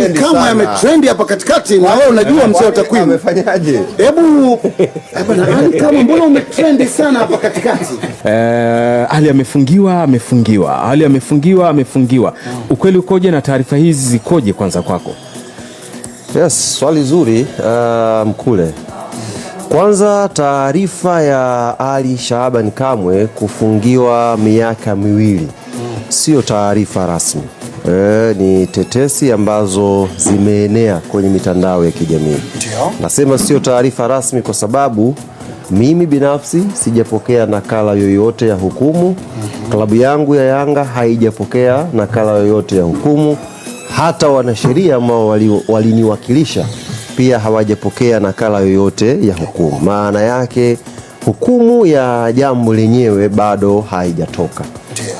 yani yaani kama yametrendi hapa katikati, na wewe unajua mzee wa yaani takwimu amefanyaje? Hebu yaani kama mbona umetrendi sana hapa katikati? Eh, Ali amefungiwa, amefungiwa, Ali amefungiwa, amefungiwa. Ah. Ukweli ukoje na taarifa hizi zikoje kwanza kwako? Yes, swali zuri. Uh, Mkule, kwanza taarifa ya Ali Shaaban Kamwe kufungiwa miaka miwili mm. sio taarifa rasmi e, ni tetesi ambazo zimeenea kwenye mitandao ya kijamii. Nasema sio taarifa rasmi kwa sababu mimi binafsi sijapokea nakala yoyote ya hukumu. mm -hmm. Klabu yangu ya Yanga haijapokea nakala yoyote ya hukumu. Hata wanasheria ambao waliniwakilisha wali pia hawajapokea nakala yoyote ya hukumu. Maana yake hukumu ya jambo lenyewe bado haijatoka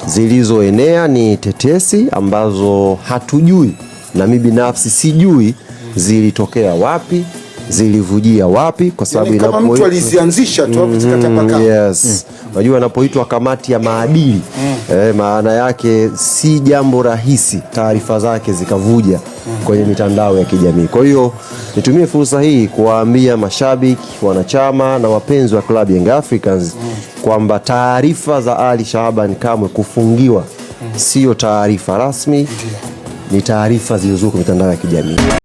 zilizoenea ni tetesi ambazo hatujui na mi binafsi sijui zilitokea wapi zilivujia wapi, kwa yaani sababu yani, kama mtu alizianzisha tu mm, mm yes. Unajua mm. Inapoitwa kamati ya maadili mm. eh, maana yake si jambo rahisi taarifa zake zikavuja mm. kwenye mitandao ya kijamii. Kwa hiyo nitumie fursa hii kuwaambia mashabiki, wanachama na wapenzi wa klabu Young Africans mm. kwamba taarifa za Ali Shahaban Kamwe kufungiwa mm. taarifa rasmi, ni taarifa zilizokuwa mitandao ya kijamii.